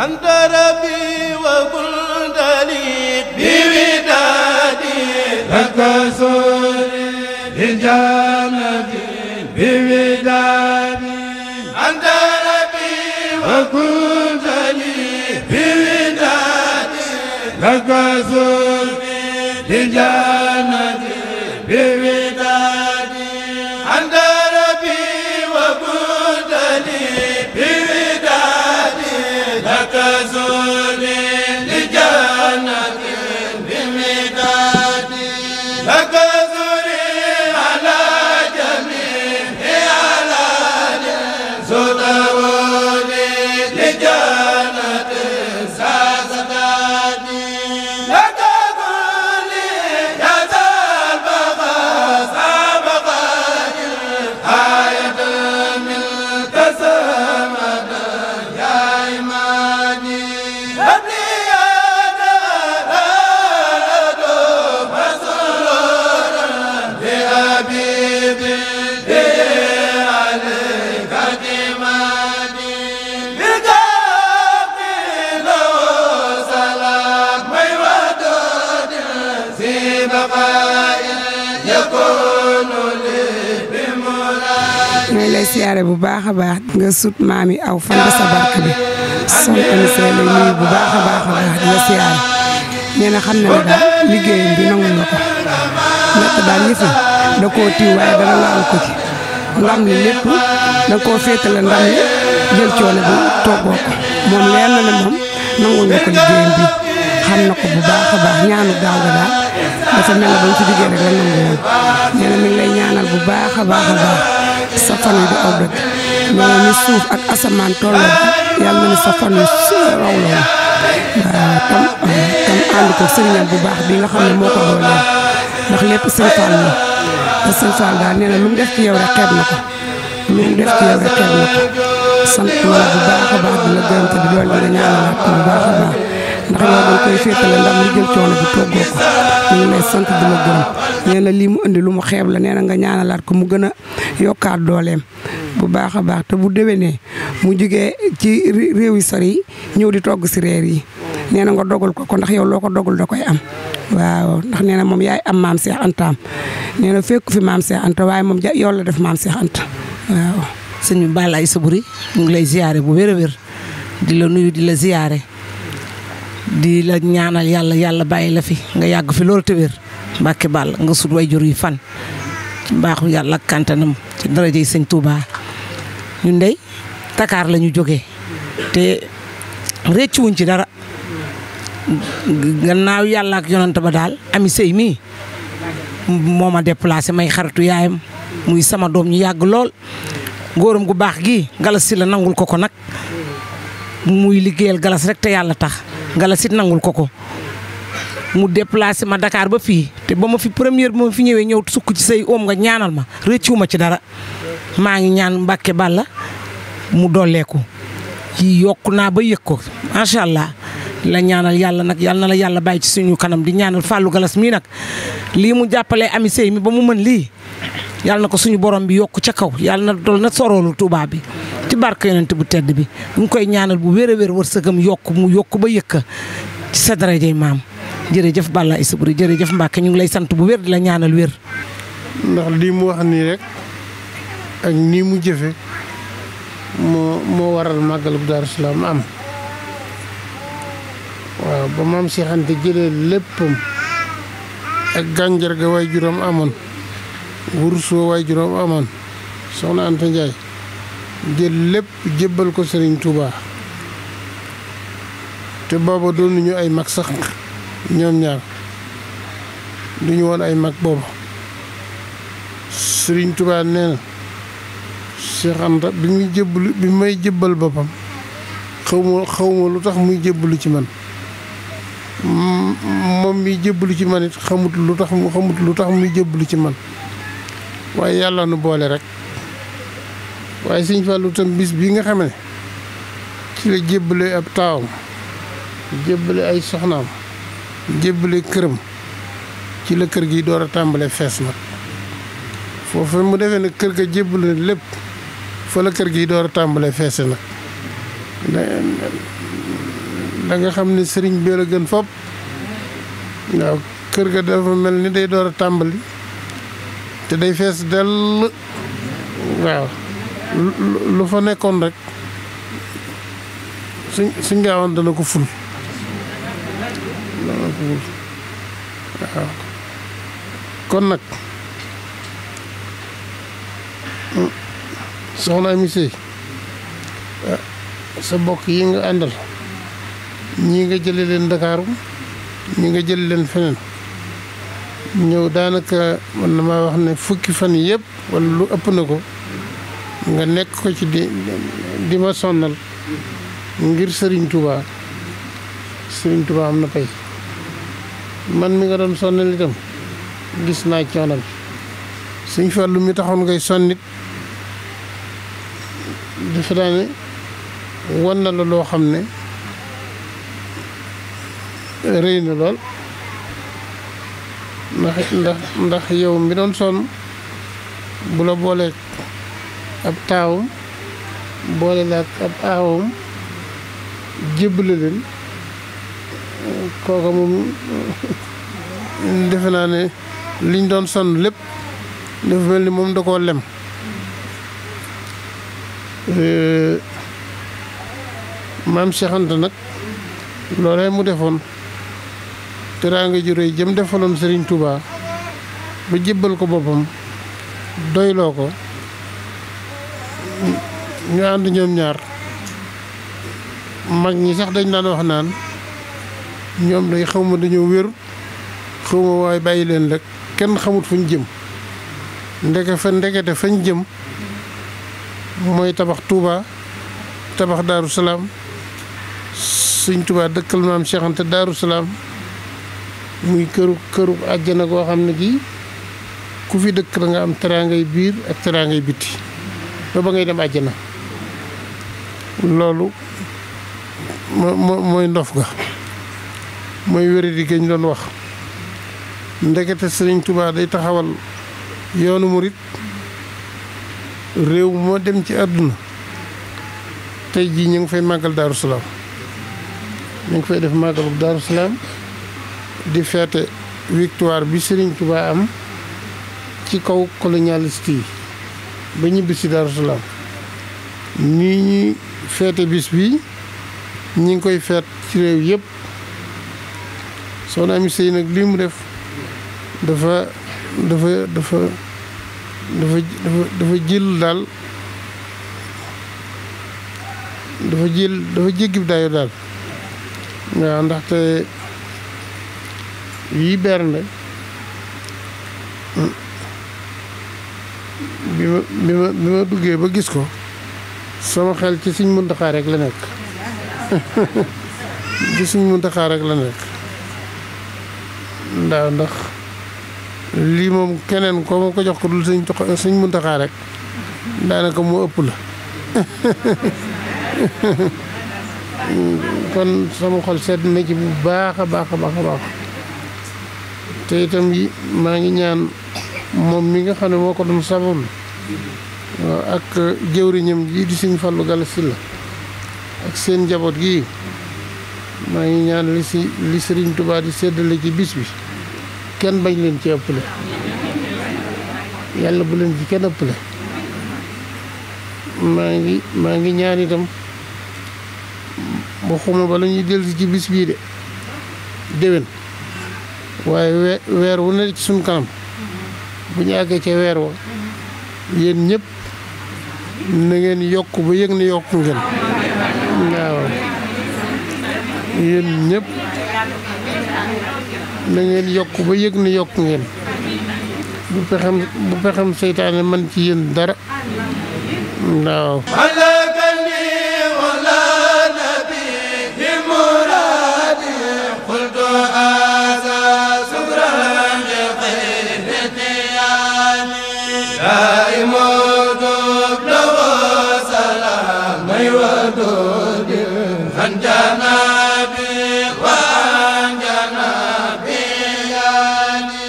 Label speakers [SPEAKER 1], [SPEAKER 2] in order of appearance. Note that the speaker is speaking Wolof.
[SPEAKER 1] أنت ربي وكنت لي بودادي لك سوري للجنة بودادي أنت ربي وكنت لي بودادي لك سوري للجنة بودادي lay
[SPEAKER 2] siyaare bu baax a baax nga sut maami aw fan ba sa barke bi son commissaire lay nuyu bu baax a baax a baax di siyaare nee xam na ne daal liggéeyam bi nangu na ko natt daal yëfi da koo tiw waaye dara laal ko ci ndam li lépp da koo féetale ndam li jël coono bi toggoo ko moom leer na moom nangu na ko liggéeyam bi xam na ko bu baax a baax ñaanu gaaw ga daal dafa mel ne ba mu ci liggéey la nangu woon nee na lay ñaanal bu baax a baax a baax sa fan wi di aw dëgg ñoo ni suuf ak asamaan tolloo yàlla na sa fan wi raw loolu waaw tam tam ànd ko sëriñam bu baax bi nga xam ne moo ko dooleel ndax la te sëñ Fall daal nee na lu mu def ci yow def ci yow rek xeeb na ko sant na la bu baax baax di la gërëm te di doon di la ñaanalaat bu baax baax ndax ñoo doon jël coono bi toggoo ko ñu ngi lay sant di la gërëm nee na lii mu indi lu mu xeeb la nee na nga laat ko mu gën a yokkaat dooleem bu baax a baax te bu ne mu jugee ci réew yi sori ñëw di togg si reer yi nee na nga dogal ko ko ndax yow loo ko dogal da koy am waaw ndax nee na moom yaay am maam Cheikh Anta am na fekku fi maam Cheikh Anta waaye moom ja yow la def maam Cheikh Anta waaw.
[SPEAKER 3] sëñ Balla Aïssa Boury mu ngi lay siyaare bu wér a wér di la nuyu di la ziare. di la ñaanal yàlla yàlla bàyyi la fi nga yàgg fi loolu te wér Mbàkke Bàll nga sut way jur yi fan ci mbaaxu yàlla ak kàntanam ci daraja yi sëñ Touba ñun dey Dakar la ñu jógee te réccu wuñ ci dara naaw yàlla ak yonant ba daal ami sëy mii moo ma déplacé may xaritu yaayam muy sama doom ñu yàgg lool góoram gu baax gi galas si la nangul ko ko nag muy liggéeyal galas rek te yàlla tax Galasit nangul ko ko mu déplacé ma dakaar ba fii te ba ma fi première ba ma fi ñëwee ñëw sukk ci say oom nga ñaanal ma rëccu ma ci dara maa ngi ñaan Mbàkke Bàlla mu dolleeku yi yokku naa ba yëg ko macha allah la ñaanal yàlla nag yàlla na la yàlla bàyyi ci suñu kanam di ñaanal Fallou Galas mii nag lii mu jàppale ami sëy mi ba mu mën lii yàlla na ko suñu borom bi yokk ca kaw yàlla na dool na soroolu Tuubaa bi ci barke yonent bu tedd bi ñu koy ñaanal bu wér a wér wërsëgam yokk mu yokk ba yëkka ci sa darajay maam jërëjëf Balla Issa Boury jërëjëf Mbacke ñu ngi
[SPEAKER 4] lay sant bu wér di la ñaanal wér. ndax lii mu wax nii rek ak nii mu jëfe moo waral màggal bu Daaru Salaam am waaw ba maam Cheikh Anta léppam ak gànjar ga waay juróom amoon wurus wa juróom amoon soxna Anta Ndiaye. jël lépp jébbal ko Serigne Touba te booba doonu ñu ay mag sax ñoom ñaar ñu woon ay mag booba Serigne Touba nee na Cheikh Anta bi muy jébbalu bi may jébbal boppam xawma xawma lu tax muy jébbalu ci man moom mi jébbalu ci man it xamut lu tax mu xamut lu tax muy jébbalu ci man waaye yàlla nu boole rek waaye sëñ Fallou tam bis bii nga xam ne ci la jébbale ab taawam jébbale ay soxnaam jébbale këram ci la kër gi door a tàmbalee fees nag foofu mu defee ne kër ga jébbale lépp fa la kër gi door a tàmbalee feese nag da nga xam ne sëriñ bi la gën fopp waaw kër ga dafa mel ni day door a tàmbali te day fees dell waaw lu fa nekkoon rek suñ suñ gaawoon dana ko ful kon nag soxna Amy eh, sa bokk yi nga àndal ñii nga jële leen Ndakaaru ñii nga jële leen feneen ñëw daanaka man na maa wax ne fukki fan yëpp wala lu ëpp na ko nga nekk ko ci di di ma sonnal ngir sëriñ tubaa sëriñ Touba am na pay man mi nga doon sonnal itam gis naa coono bi suñ lu mi taxoon ngay sonnit dafa daa ne wan na la loo xam ne rëy na lool ndax ndax yow mi doon sonn bu la boolee ab taawum boole la ak ab aawam jébbalu leen kooka moom defe naa ne liñ doon sonn lépp dafa mel ni moom da koo lem maam Cheikh nag loolee mu defoon teraanga ju réy jëm defaloon Serigne Touba ba jébbal ko boppam doyloo ko ñu ànd ñoom ñaar mag ñi sax dañ daan wax naan ñoom day xaw ma dañoo wér xaw ma waaye bàyyi leen rek kenn xamut fuñ jëm ndeke fa ndekete fañ jëm mooy tabax Touba tabax Daaru Salaam Sëñ Touba dëkkal maam Cheikh Anta Daaru Salaam muy këru këru àjjana goo xam ne gi ku fi dëkk la nga am teraangay biir ak teraangay biti ba ba ngay dem àjjana loolu mooy ndof ga mooy wéradi gañ doon wax ndegete sëriñ Tuubaa day taxawal yoonu murit réew moo dem ci àdduna tey jii ñu ngi fay màggal Daaru Salaam ngi fay def màggalu Daaru di feete victoire bi sëriñ Tuubaa am ci kaw colonialiste yi ba ñibbi si Daaru Salaam ñuy feete bis bi ñu ngi koy feet ci réew yëpp Soxna Amy Seye nag lii mu def dafa dafa dafa dafa dafa dafa jël daal dafa jël dafa jéggi dayo daal waaw ndaxte yii bernde bi ma bi ma bi ma duggee ba gis ko sama xel ci Sëñ Muntaxa rek la nekk ci Sëñ Muntaxa rek la nekk ndax ndax lii moom keneen ko ma ko jox ko dul suñ Sëñ Muntaxa rek daanaka moo ëpp la kon sama xol sedd na ci bu baax a baax a baax a baax te itam yi maa ngi ñaan moom mi nga xam ne moo ko doon sababu ak jëwriñam jii di Sëñ Fallou Galass la ak seen njaboot gii maa ngi ñaan li si li Sëriñ Tuubaa di séddale ci bis bi kenn bañ leen ci ëppale yàlla bu leen ci kenn ëppale maa ngi maa ngi ñaan itam waxuma ba la ñuy ci bis bii de déwén waaye weer wu ne ci suñ kanam bu ñu àggee ca weer wa yéen ñépp na ngeen yokk ba yëg ni yokk ñëpp na ngeen yokk ba yëg ni yokk ngeen bu pexem bu seytaane man ci yéen dara waaw